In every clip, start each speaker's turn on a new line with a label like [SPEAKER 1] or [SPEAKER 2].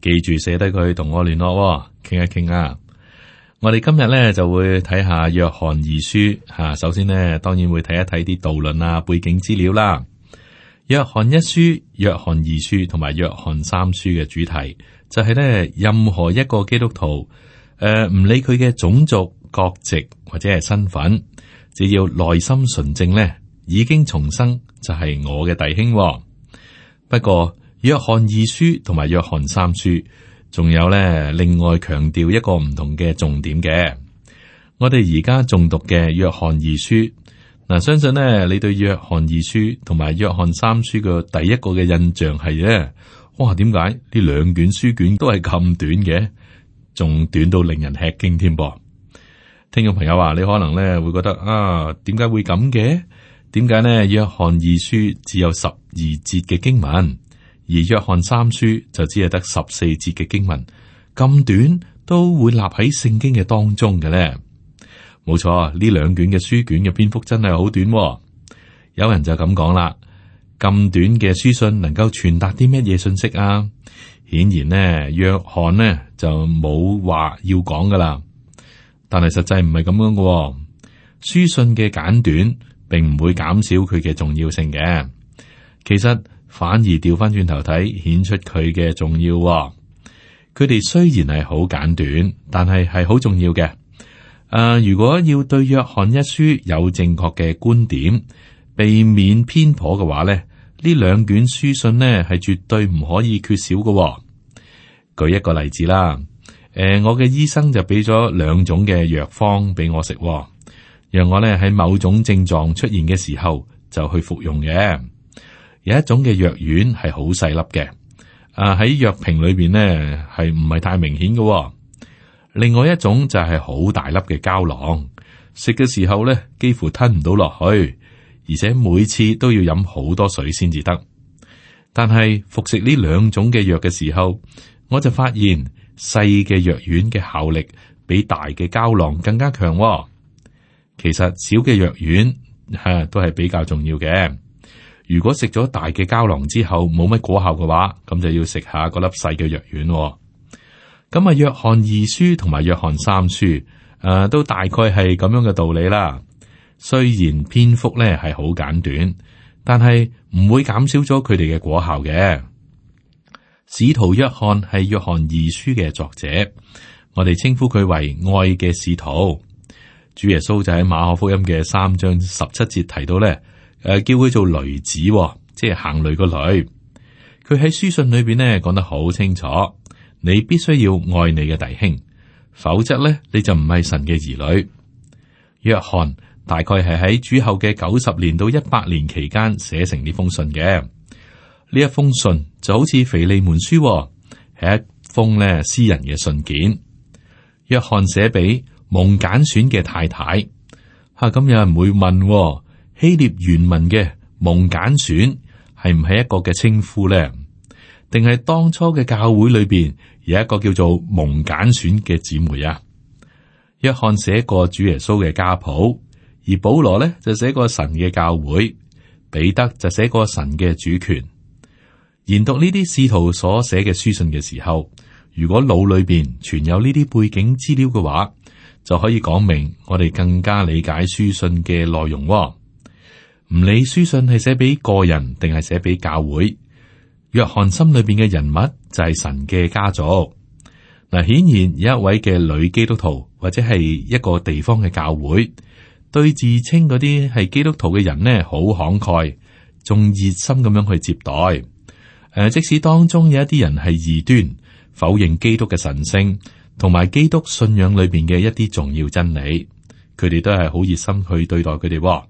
[SPEAKER 1] 記住寫低佢同我聯絡、喎，傾一傾啦、啊。我哋今日咧就會睇下約翰二書吓，首先呢，當然會睇一睇啲導論啊背景資料啦。約翰一書、約翰二書同埋約翰三書嘅主題就係、是、咧，任何一個基督徒誒唔、呃、理佢嘅種族、國籍或者係身份，只要內心純正咧，已經重生就係我嘅弟兄、喎。不過。約翰二書同埋約翰三書，仲有咧，另外強調一個唔同嘅重點嘅。我哋而家仲讀嘅約翰二書嗱，相信咧，你對約翰二書同埋約翰三書嘅第一個嘅印象係咧，哇，點解呢兩卷書卷都係咁短嘅，仲短到令人吃驚添噃，聽眾朋友啊，你可能咧會覺得啊，點解會咁嘅？點解咧？約翰二書只有十二節嘅經文。而約翰三書就只係得十四節嘅經文，咁短都會立喺聖經嘅當中嘅咧。冇錯啊，呢兩卷嘅書卷嘅篇幅真係好短喎。有人就咁講啦，咁短嘅書信能夠傳達啲乜嘢信息啊？顯然呢，約翰呢就冇話要講噶啦。但係實際唔係咁樣嘅喎，書信嘅簡短並唔會減少佢嘅重要性嘅。其實。反而掉返轉頭睇，顯出佢嘅重要喎。佢哋雖然係好簡短，但係係好重要嘅。誒、呃，如果要對約翰一書有正確嘅觀點，避免偏頗嘅話咧，呢兩卷書信咧係絕對唔可以缺少嘅喎。舉一個例子啦，誒、呃，我嘅醫生就俾咗兩種嘅藥方俾我食喎，讓我咧喺某種症狀出現嘅時候就去服用嘅。有一種嘅藥丸係好細粒嘅，啊，喺藥瓶裏邊呢係唔係太明顯嘅喎。另外一種就係好大粒嘅膠囊，食嘅時候呢幾乎吞唔到落去，而且每次都要飲好多水先至得。但係服食呢兩種嘅藥嘅時候，我就發現細嘅藥丸嘅效力比大嘅膠囊更加強喎。其實小嘅藥丸，啊，都係比較重要嘅。如果食咗大嘅膠囊之後冇乜果效嘅話，咁就要食下嗰粒細嘅藥丸，哦。咁啊，約翰二書同埋約翰三書，誒、呃，都大概係咁樣嘅道理啦。雖然篇幅咧係好簡短，但係唔會減少咗佢哋嘅果效嘅。使徒約翰係約翰二書嘅作者，我哋稱呼佢為愛嘅使徒。主耶穌就喺馬可福音嘅三章十七節提到咧。誒，叫佢做雷子，即係行雷個雷。佢喺書信裏邊呢講得好清楚，你必須要愛你嘅弟兄，否則呢，你就唔係神嘅兒女。約翰大概係喺主後嘅九十年到一百年期間寫成呢封信嘅。呢一封信就好似腓利門書，係一封呢私人嘅信件。約翰寫俾蒙揀選嘅太太。吓，咁有人會問，哦。希臘原文嘅蒙簡選係唔係一個嘅稱呼呢？定係當初嘅教會裏邊有一個叫做蒙簡選嘅姊妹啊？約翰寫過主耶穌嘅家譜，而保羅呢就寫過神嘅教會，彼得就寫過神嘅主權。研讀呢啲使徒所寫嘅書信嘅時候，如果腦裏邊存有呢啲背景資料嘅話，就可以講明我哋更加理解書信嘅內容。唔理書信係寫俾個人定係寫俾教會，約翰心裏邊嘅人物就係神嘅家族。嗱，顯然有一位嘅女基督徒或者係一個地方嘅教會，對自稱嗰啲係基督徒嘅人呢，好慷慨，仲熱心咁樣去接待。誒、呃，即使當中有一啲人係異端，否認基督嘅神性，同埋基督信仰裏邊嘅一啲重要真理，佢哋都係好熱心去對待佢哋喎。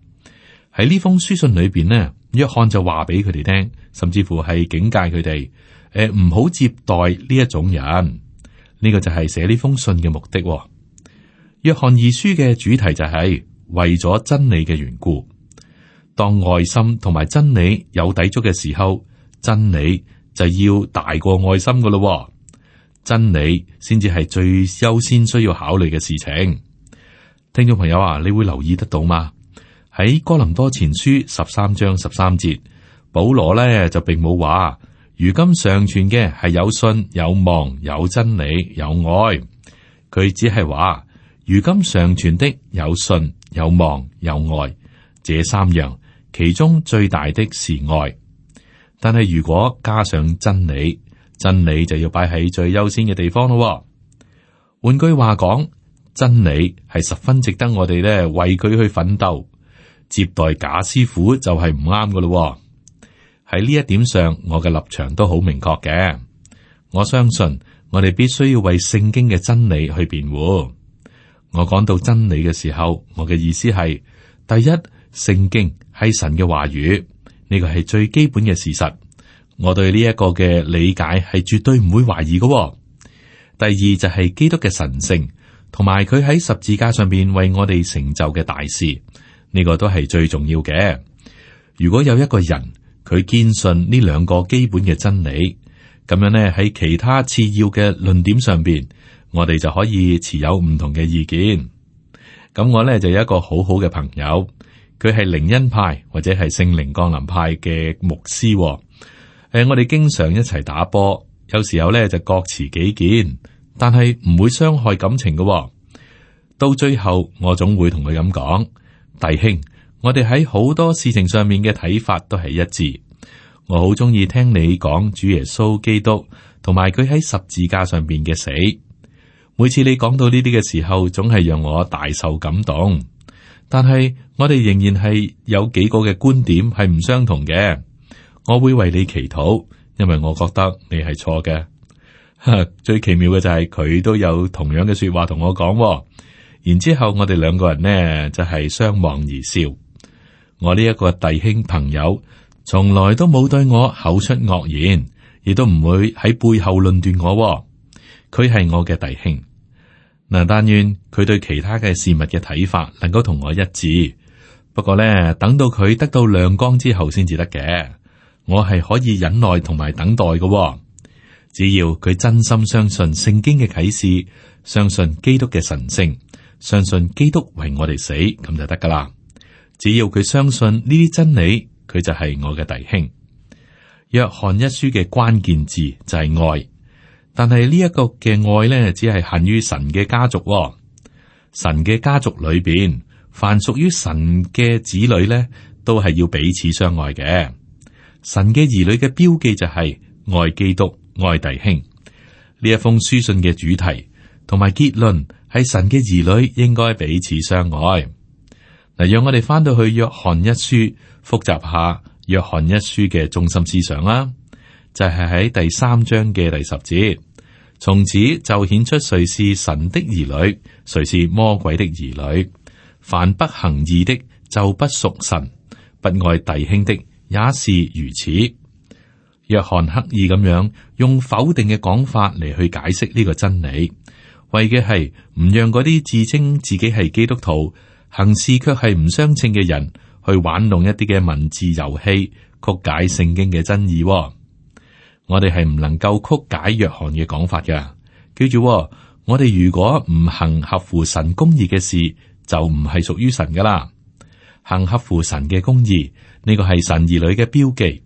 [SPEAKER 1] 喺呢封書信裏邊呢，約翰就話俾佢哋聽，甚至乎係警戒佢哋，誒唔好接待呢一種人。呢、這個就係寫呢封信嘅目的、哦。約翰二書嘅主題就係、是、為咗真理嘅緣故。當愛心同埋真理有抵觸嘅時候，真理就要大過愛心噶咯、哦。真理先至係最優先需要考慮嘅事情。聽眾朋友啊，你會留意得到嗎？喺哥林多前書十三章十三節，保羅呢就並冇話，如今常存嘅係有信有望有真理有愛，佢只係話，如今常存的有信有望有愛，這三樣其中最大的是愛，但係如果加上真理，真理就要擺喺最優先嘅地方咯、哦。換句話講，真理係十分值得我哋呢為佢去奮鬥。接待假師傅就係唔啱噶咯喎。喺呢一點上，我嘅立場都好明確嘅。我相信我哋必須要為聖經嘅真理去辯護。我講到真理嘅時候，我嘅意思係：第一，聖經係神嘅話語，呢個係最基本嘅事實。我對呢一個嘅理解係絕對唔會懷疑噶。第二就係基督嘅神聖，同埋佢喺十字架上邊為我哋成就嘅大事。呢個都係最重要嘅。如果有一個人，佢堅信呢兩個基本嘅真理，咁樣呢，喺其他次要嘅論點上邊，我哋就可以持有唔同嘅意見。咁我呢，就有一個好好嘅朋友，佢係靈恩派或者係聖靈降臨派嘅牧師，哦。誒、呃，我哋經常一齊打波，有時候呢就各持己見，但係唔會傷害感情嘅，哦。到最後，我總會同佢咁講。弟兄，我哋喺好多事情上面嘅睇法都係一致。我好鍾意聽你講主耶穌基督同埋佢喺十字架上邊嘅死。每次你講到呢啲嘅時候，總係讓我大受感動。但係我哋仍然係有幾個嘅觀點係唔相同嘅。我會為你祈禱，因為我覺得你係錯嘅。 最奇妙嘅就係、是、佢都有同樣嘅說話同我講。然之後，我哋兩個人呢就係、是、相望而笑。我呢一個弟兄朋友，從來都冇對我口出惡言，亦都唔會喺背後論斷我、哦。佢係我嘅弟兄嗱，但願佢對其他嘅事物嘅睇法能夠同我一致。不過呢，等到佢得到亮光之後先至得嘅。我係可以忍耐同埋等待嘅、哦，只要佢真心相信聖經嘅啟示，相信基督嘅神聖。相信基督為我哋死，咁就得噶啦。只要佢相信呢啲真理，佢就係我嘅弟兄。約翰一書嘅關鍵字就係愛，但係呢一個嘅愛呢，只係限於神嘅家族、哦。神嘅家族裏邊，凡屬於神嘅子女呢，都係要彼此相愛嘅。神嘅兒女嘅標記就係、是、愛基督、愛弟兄。呢一封書信嘅主題同埋結論。係神嘅兒女，應該彼此相愛。嗱，讓我哋翻到去約翰一書，複習下約翰一書嘅中心思想啦。就係喺第三章嘅第十節，從此就顯出誰是神的兒女，誰是魔鬼的兒女。凡不行義的，就不屬神；不愛弟兄的，也是如此。約翰刻意咁樣用否定嘅講法嚟，去解釋呢個真理。為嘅係唔讓嗰啲自稱自己係基督徒，行事卻係唔相稱嘅人，去玩弄一啲嘅文字遊戲，曲解聖經嘅真義。哦。我哋係唔能夠曲解約翰嘅講法噶。記住、哦，我哋如果唔行合乎神公義嘅事，就唔係屬於神噶啦。行合乎神嘅公義，呢，這個係神兒女嘅標記。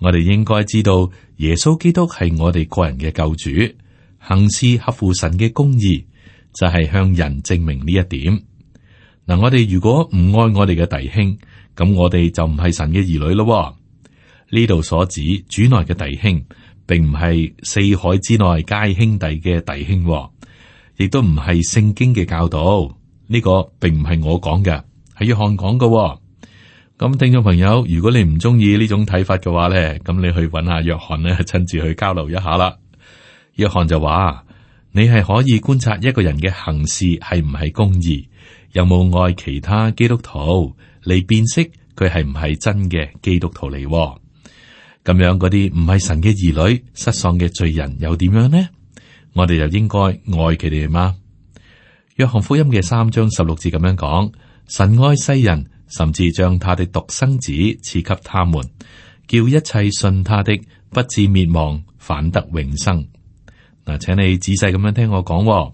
[SPEAKER 1] 我哋應該知道，耶穌基督係我哋個人嘅救主。行事合乎神嘅公義，就係向人證明呢一點。嗱，我哋如果唔愛我哋嘅弟兄，咁我哋就唔係神嘅兒女咯。呢度所指主內嘅弟兄，並唔係四海之內皆兄弟嘅弟兄，亦都唔係聖經嘅教導。呢個並唔係我講嘅，係約翰講嘅。咁聽眾朋友，如果你唔中意呢種睇法嘅話咧，咁你去搵下約翰咧，親自去交流一下啦。約翰就話：，你係可以觀察一個人嘅行事係唔係公義，有冇愛其他基督徒嚟，辨識佢係唔係真嘅基督徒嚟。哦，咁樣嗰啲，唔係神嘅兒女，失喪嘅罪人，又點樣呢？我哋又應該愛佢哋嗎？約翰福音嘅三章十六節咁樣講：，神愛世人，甚至將他的獨生子賜給他們，叫一切信他的不至滅亡，反得永生。嗱，請你仔細咁樣聽我講，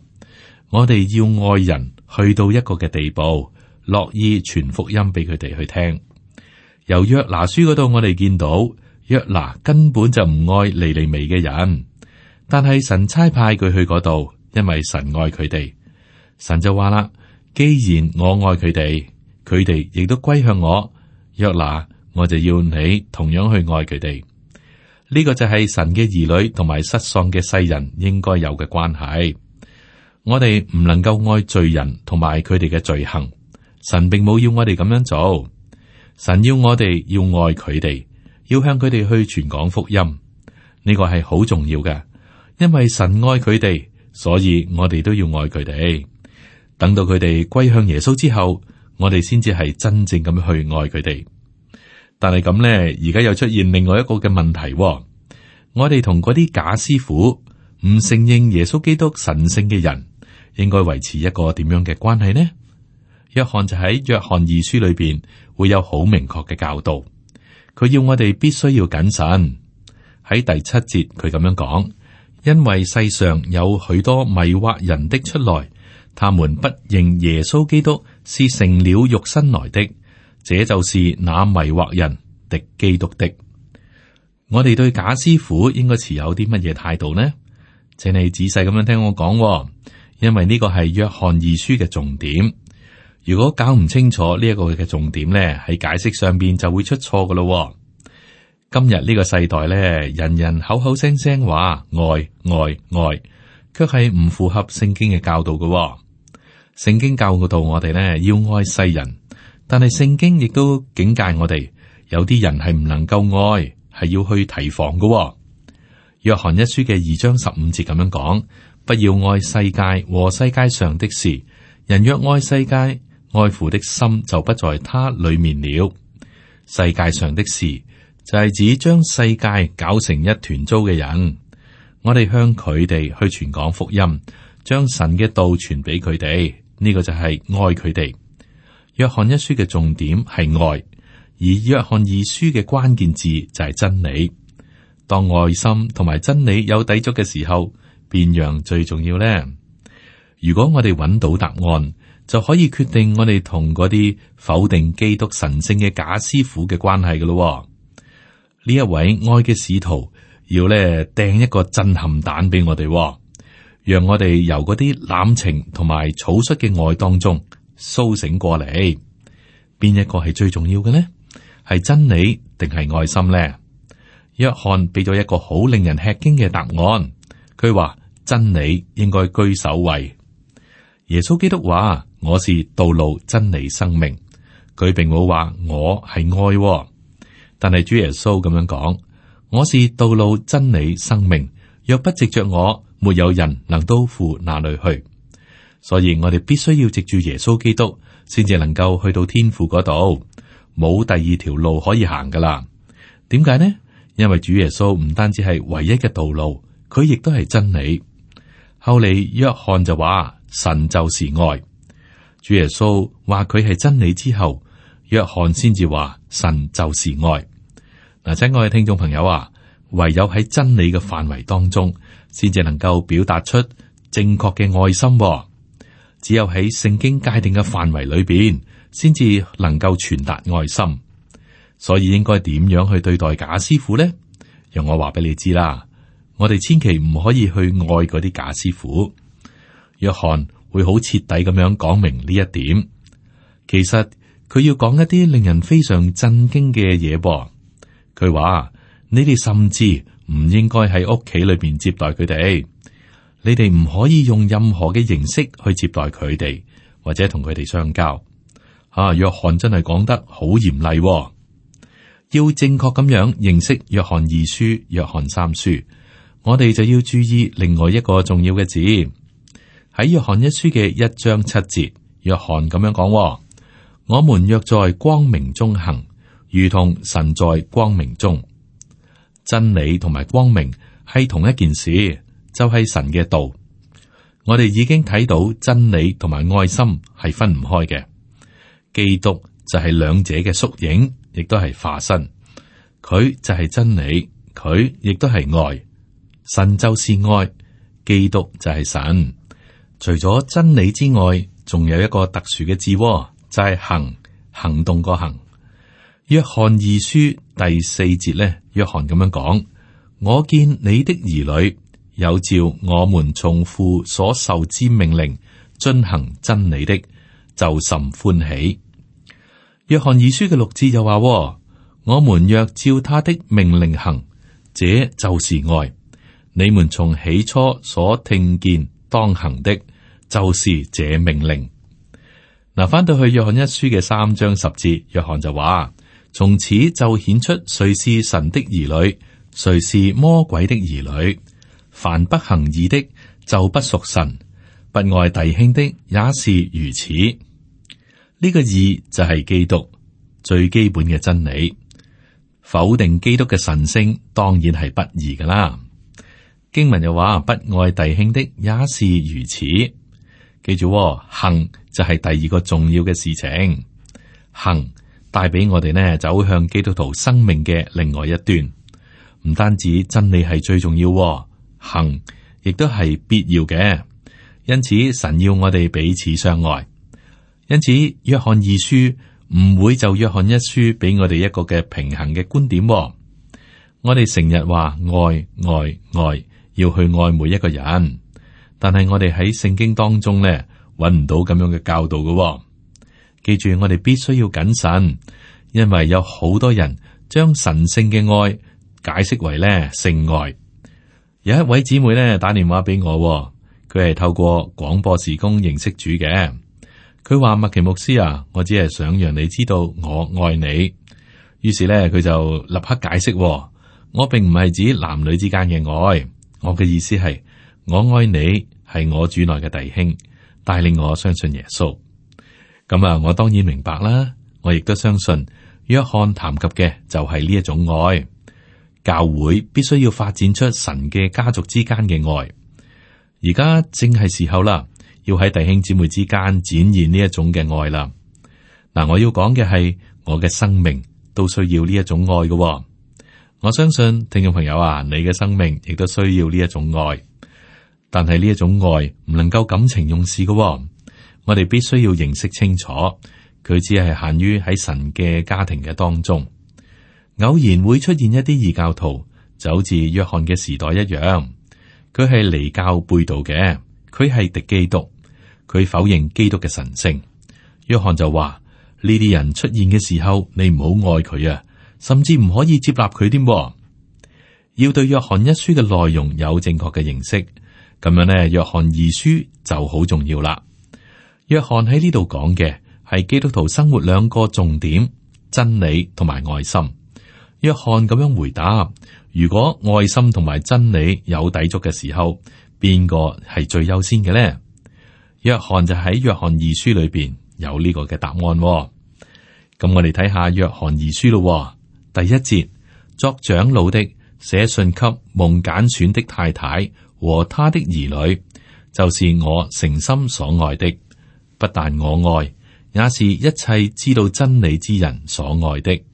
[SPEAKER 1] 我哋要愛人去到一個嘅地步，樂意傳福音俾佢哋去聽。由約拿書嗰度，我哋見到約拿根本就唔愛尼尼微嘅人，但係神差派佢去嗰度，因為神愛佢哋。神就話啦：，既然我愛佢哋，佢哋亦都歸向我，約拿，我就要你同樣去愛佢哋。呢個就係神嘅兒女同埋失喪嘅世人應該有嘅關係。我哋唔能夠愛罪人同埋佢哋嘅罪行。神並冇要我哋咁樣做。神要我哋要愛佢哋，要向佢哋去傳講福音。呢個係好重要嘅，因為神愛佢哋，所以我哋都要愛佢哋。等到佢哋歸向耶穌之後，我哋先至係真正咁去愛佢哋。但係咁呢，而家又出現另外一個嘅問題，哦。我哋同嗰啲假師傅唔承認耶穌基督神聖嘅人，應該維持一個點樣嘅關係呢？約翰就喺約翰二書裏邊會有好明確嘅教導，佢要我哋必須要謹慎。喺第七節，佢咁樣講，因為世上有許多迷惑人的出來，他們不認耶穌基督是成了肉身來的，這就是那迷惑人敵基督的。我哋對假師傅應該持有啲乜嘢態度呢？請你仔細咁樣聽我講，因為呢個係約翰二書嘅重點。如果搞唔清楚呢一個嘅重點咧，喺解釋上邊就會出錯噶啦。今日呢個世代咧，人人口口聲聲話愛愛愛，卻係唔符合聖經嘅教導嘅。聖經教導我哋咧，要愛世人。但係聖經亦都警戒我哋，有啲人係唔能夠愛，係要去提防嘅、哦。約翰一書嘅二章十五節咁樣講：不要愛世界和世界上的事。人若愛世界，愛父的心就不在他裏面了。世界上的事就係、是、指將世界搞成一團糟嘅人。我哋向佢哋去傳講福音，將神嘅道傳俾佢哋，呢、這個就係愛佢哋。約翰一書嘅重點係愛，而約翰二書嘅關鍵字就係真理。當愛心同埋真理有抵觸嘅時候，變樣最重要咧。如果我哋揾到答案，就可以決定我哋同嗰啲否定基督神聖嘅假師傅嘅關係嘅咯。呢一位愛嘅使徒要咧掟一個震撼彈俾我哋，讓我哋由嗰啲濫情同埋草率嘅愛當中蘇醒過嚟,邊一個係最重要嘅呢?係真理定係愛心呢?約翰畀咗一個好令人吃驚嘅答案,佢話真理應該居首位。耶穌基督話,我是道路真理生命,佢並冇話我係愛喎。但係主耶穌噉樣講,我是道路真理生命,若不藉著我,沒有人能到父那裡去。所以我哋必須要藉住耶穌基督，先至能夠去到天父嗰度，冇第二條路可以行噶啦。點解呢？因為主耶穌唔單止係唯一嘅道路，佢亦都係真理。後嚟約翰就話神就是愛，主耶穌話佢係真理之後，約翰先至話神就是愛嗱。親愛嘅聽眾朋友啊，唯有喺真理嘅範圍當中，先至能夠表達出正確嘅愛心。只有喺聖經界定嘅範圍裏邊，先至能夠傳達愛心。所以應該點樣去對待假師傅呢？讓我話俾你知啦。我哋千祈唔可以去愛嗰啲假師傅。約翰會好徹底咁樣講明呢一點。其實佢要講一啲令人非常震驚嘅嘢噃。佢話你哋甚至唔應該喺屋企裏邊接待佢哋。你哋唔可以用任何嘅形式去接待佢哋，或者同佢哋相交。啊，約翰真係講得好嚴厲，哦，要正確咁樣認識約翰二書、約翰三書。我哋就要注意另外一個重要嘅字，喺約翰一書嘅一章七節。約翰咁樣講，哦，我們若在光明中行，如同神在光明中。真理同埋光明係同一件事。就係神嘅道，我哋已經睇到真理同埋愛心係分唔開嘅。基督就係兩者嘅縮影，亦都係化身。佢就係真理，佢亦都係愛。神就是愛，基督就係神。除咗真理之外，仲有一個特殊嘅字。喎，就係、是、行，行動個行。約翰二書第四節咧，約翰咁樣講：我見你的兒女。有照我們從父所受之命令遵行真理的，就甚歡喜。約翰二書嘅六字就話：我們若照他的命令行，這就是愛。你們從起初所聽見當行的，就是這命令。嗱，翻到去約翰一書嘅三章十字，約翰就話：從此就顯出誰是神的兒女，誰是魔鬼的兒女。凡不行義的，就不屬神；不愛弟兄的，也是如此。呢、這個義就係基督最基本嘅真理。否定基督嘅神聖，當然係不義㗎喇。經文又話，不愛弟兄的，也是如此。記住、哦，行就係第二個重要嘅事情。行帶俾我哋呢，走向基督徒生命嘅另外一段，唔單止真理係最重要，哦。行亦都係必要嘅，因此神要我哋彼此相愛。因此約翰二書唔會就約翰一書俾我哋一個嘅平衡嘅觀點。我哋成日話愛愛愛，要去愛每一個人，但係我哋喺聖經當中呢，揾唔到咁樣嘅教導嘅。記住，我哋必須要謹慎，因為有好多人將神聖嘅愛解釋為咧性愛。有一位姊妹咧打電話俾我，佢係透過廣播事工認識主嘅。佢話麥奇牧師啊，我只係想讓你知道我愛你。於是咧，佢就立刻解釋，我並唔係指男女之間嘅愛，我嘅意思係我愛你係我主內嘅弟兄，帶領我相信耶穌。咁啊，我當然明白啦，我亦都相信約翰談及嘅就係呢一種愛。教會必須要發展出神嘅家族之間嘅愛，而家正係時候啦，要喺弟兄姊妹之間展現呢一種嘅愛啦。嗱，我要講嘅係我嘅生命都需要呢一種愛嘅。哦，我相信聽眾朋友啊，你嘅生命亦都需要呢一種愛，但係呢一種愛唔能夠感情用事嘅。哦，我哋必須要認識清楚，佢只係限於喺神嘅家庭嘅當中。偶然會出現一啲異教徒，就好似約翰嘅時代一樣。佢係離教背道嘅，佢係敵基督，佢否認基督嘅神聖。約翰就話呢啲人出現嘅時候，你唔好愛佢啊，甚至唔可以接納佢添。要對約翰一書嘅內容有正確嘅認識，咁樣呢，約翰二書就好重要啦。約翰喺呢度講嘅係基督徒生活兩個重點：真理同埋愛心。約翰咁樣回答：如果愛心同埋真理有抵觸嘅時候，邊個係最優先嘅呢？約翰就喺約翰二書裏邊有呢個嘅答案、哦。咁我哋睇下約翰二書咯、哦。第一節，作長老的寫信給蒙揀選的太太和他的兒女，就是我誠心所愛的，不但我愛，也是一切知道真理之人所愛的。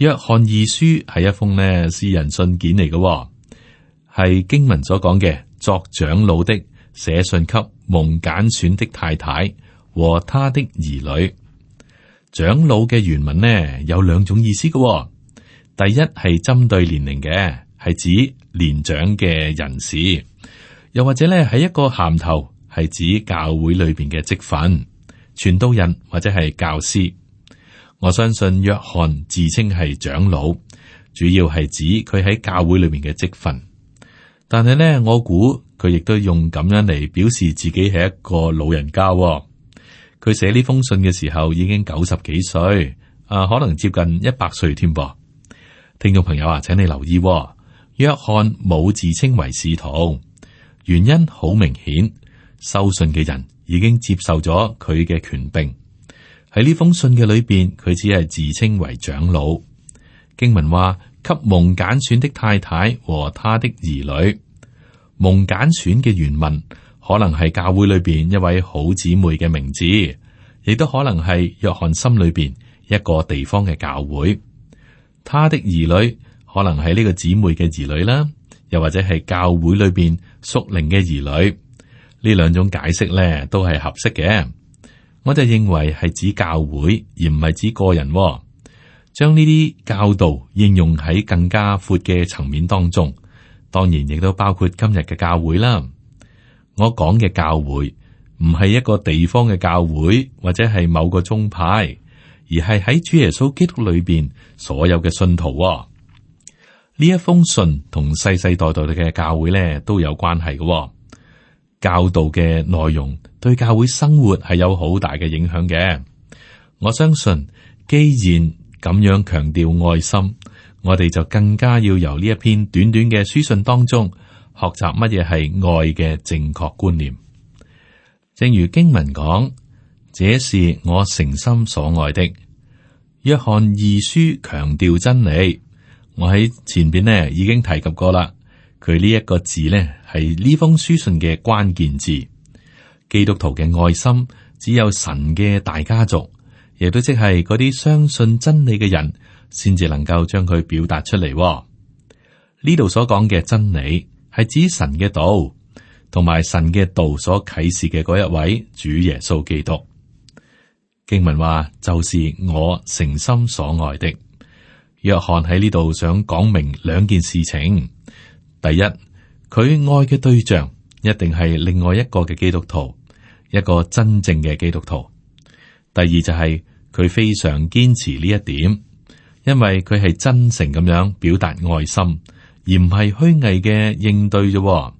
[SPEAKER 1] 約翰二書係一封呢私人信件嚟嘅，係經文所講嘅作長老的寫信給蒙揀選的太太和她的兒女。長老嘅原文呢有兩種意思嘅，第一係針對年齡嘅，係指年長嘅人士；又或者呢係一個銜頭，係指教會裏邊嘅職份，傳道人或者係教師。我相信約翰自稱係長老，主要係指佢喺教會裏面嘅職份。但係呢，我估佢亦都用咁樣嚟表示自己係一個老人家、哦。佢寫呢封信嘅時候已經九十幾歲，啊，可能接近一百歲添噃。聽眾朋友啊，請你留意、哦，約翰冇自稱為使徒，原因好明顯，收信嘅人已經接受咗佢嘅權柄。喺呢封信嘅裏邊，佢只係自稱為長老。經文話：給蒙揀選的太太和她的兒女。蒙揀選嘅原文可能係教會裏邊一位好姊妹嘅名字，亦都可能係約翰心裏邊一個地方嘅教會。他的兒女可能係呢個姊妹嘅兒女啦，又或者係教會裏邊屬靈嘅兒女。呢兩種解釋咧，都係合適嘅。我就認為係指教會而唔係指個人喎，將呢啲教導應用喺更加闊嘅層面當中，當然亦都包括今日嘅教會啦。我講嘅教會唔係一個地方嘅教會或者係某個宗派，而係喺主耶穌基督裏邊所有嘅信徒喎。呢一封信同世世代代嘅教會咧都有關係嘅喎。教導嘅內容對教會生活係有好大嘅影響嘅，我相信既然咁樣強調愛心，我哋就更加要由呢一篇短短嘅書信當中學習乜嘢係愛嘅正確觀念。正如經文講，這是我誠心所愛的。約翰二書強調真理，我喺前邊呢已經提及過啦。佢呢一個字呢，係呢封書信嘅關鍵字。基督徒嘅愛心，只有神嘅大家族，亦都即係嗰啲相信真理嘅人，先至能夠將佢表達出嚟哦。呢度所講嘅真理，係指神嘅道，同埋神嘅道所啟示嘅嗰一位主耶穌基督。經文話，就是我誠心所愛的。約翰喺呢度想講明兩件事情。第一，佢愛嘅對象一定係另外一個嘅基督徒，一個真正嘅基督徒。第二就係、是、佢非常堅持呢一點，因為佢係真誠咁樣表達愛心，而唔係虛偽嘅應對啫。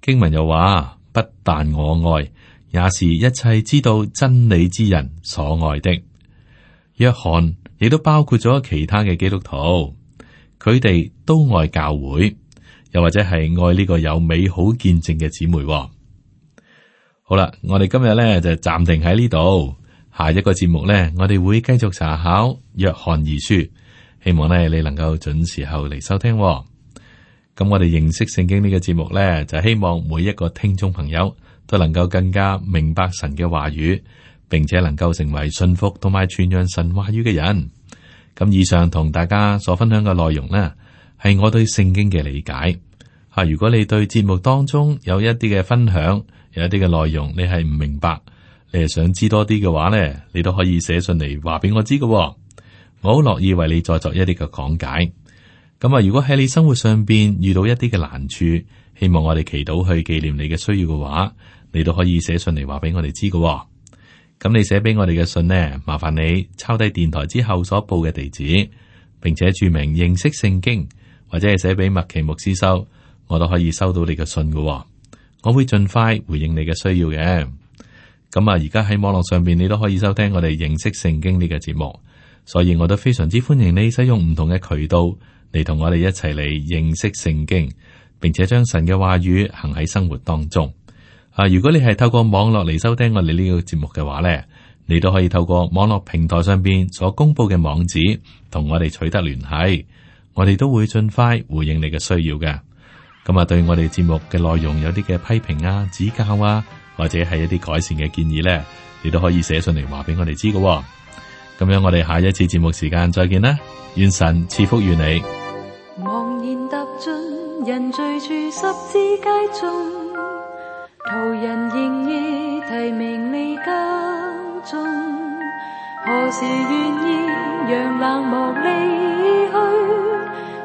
[SPEAKER 1] 經文又話：不但我愛，也是一切知道真理之人所愛的。約翰亦都包括咗其他嘅基督徒，佢哋都愛教會。又或者係愛呢個有美好見證嘅姊妹、哦。好啦，我哋今日呢就暫停喺呢度，下一個節目呢，我哋會繼續查考約翰二書，希望呢你能夠準時候嚟收聽、哦。咁我哋認識聖經呢、這個節目呢，就希望每一個聽眾朋友都能夠更加明白神嘅話語，並且能夠成為信服同埋傳揚神話語嘅人。咁以上同大家所分享嘅內容呢。係我對聖經嘅理解吓，如果你對節目當中有一啲嘅分享，有一啲嘅內容你係唔明白，你係想知多啲嘅話呢，你都可以寫信嚟話俾我知嘅，我好樂意為你再作一啲嘅講解。咁啊，如果喺你生活上邊遇到一啲嘅難處，希望我哋祈禱去紀念你嘅需要嘅話，你都可以寫信嚟話俾我哋知嘅。咁你寫俾我哋嘅信呢，麻煩你抄低電台之後所報嘅地址，並且註明認識聖經。或者係寫俾麥奇牧師收，我都可以收到你嘅信嘅哦。我會盡快回應你嘅需要嘅。咁啊，而家喺網絡上邊，你都可以收聽我哋認識聖經呢個節目。所以，我都非常之歡迎你使用唔同嘅渠道嚟同我哋一齊嚟認識聖經，並且將神嘅話語行喺生活當中。啊，如果你係透過網絡嚟收聽我哋呢個節目嘅話呢，你都可以透過網絡平台上邊所公布嘅網址，同我哋取得聯繫。我哋都會盡快回應你嘅需要嘅，咁啊，對我哋節目嘅內容有啲嘅批評啊、指教啊，或者係一啲改善嘅建議咧，你都可以寫信嚟話俾我哋知嘅。咁樣我哋下一次節目時間再見啦，願神賜福於你。
[SPEAKER 2] 踏進人聚處十字街中，中， 途人提名何時願意讓冷漠呢？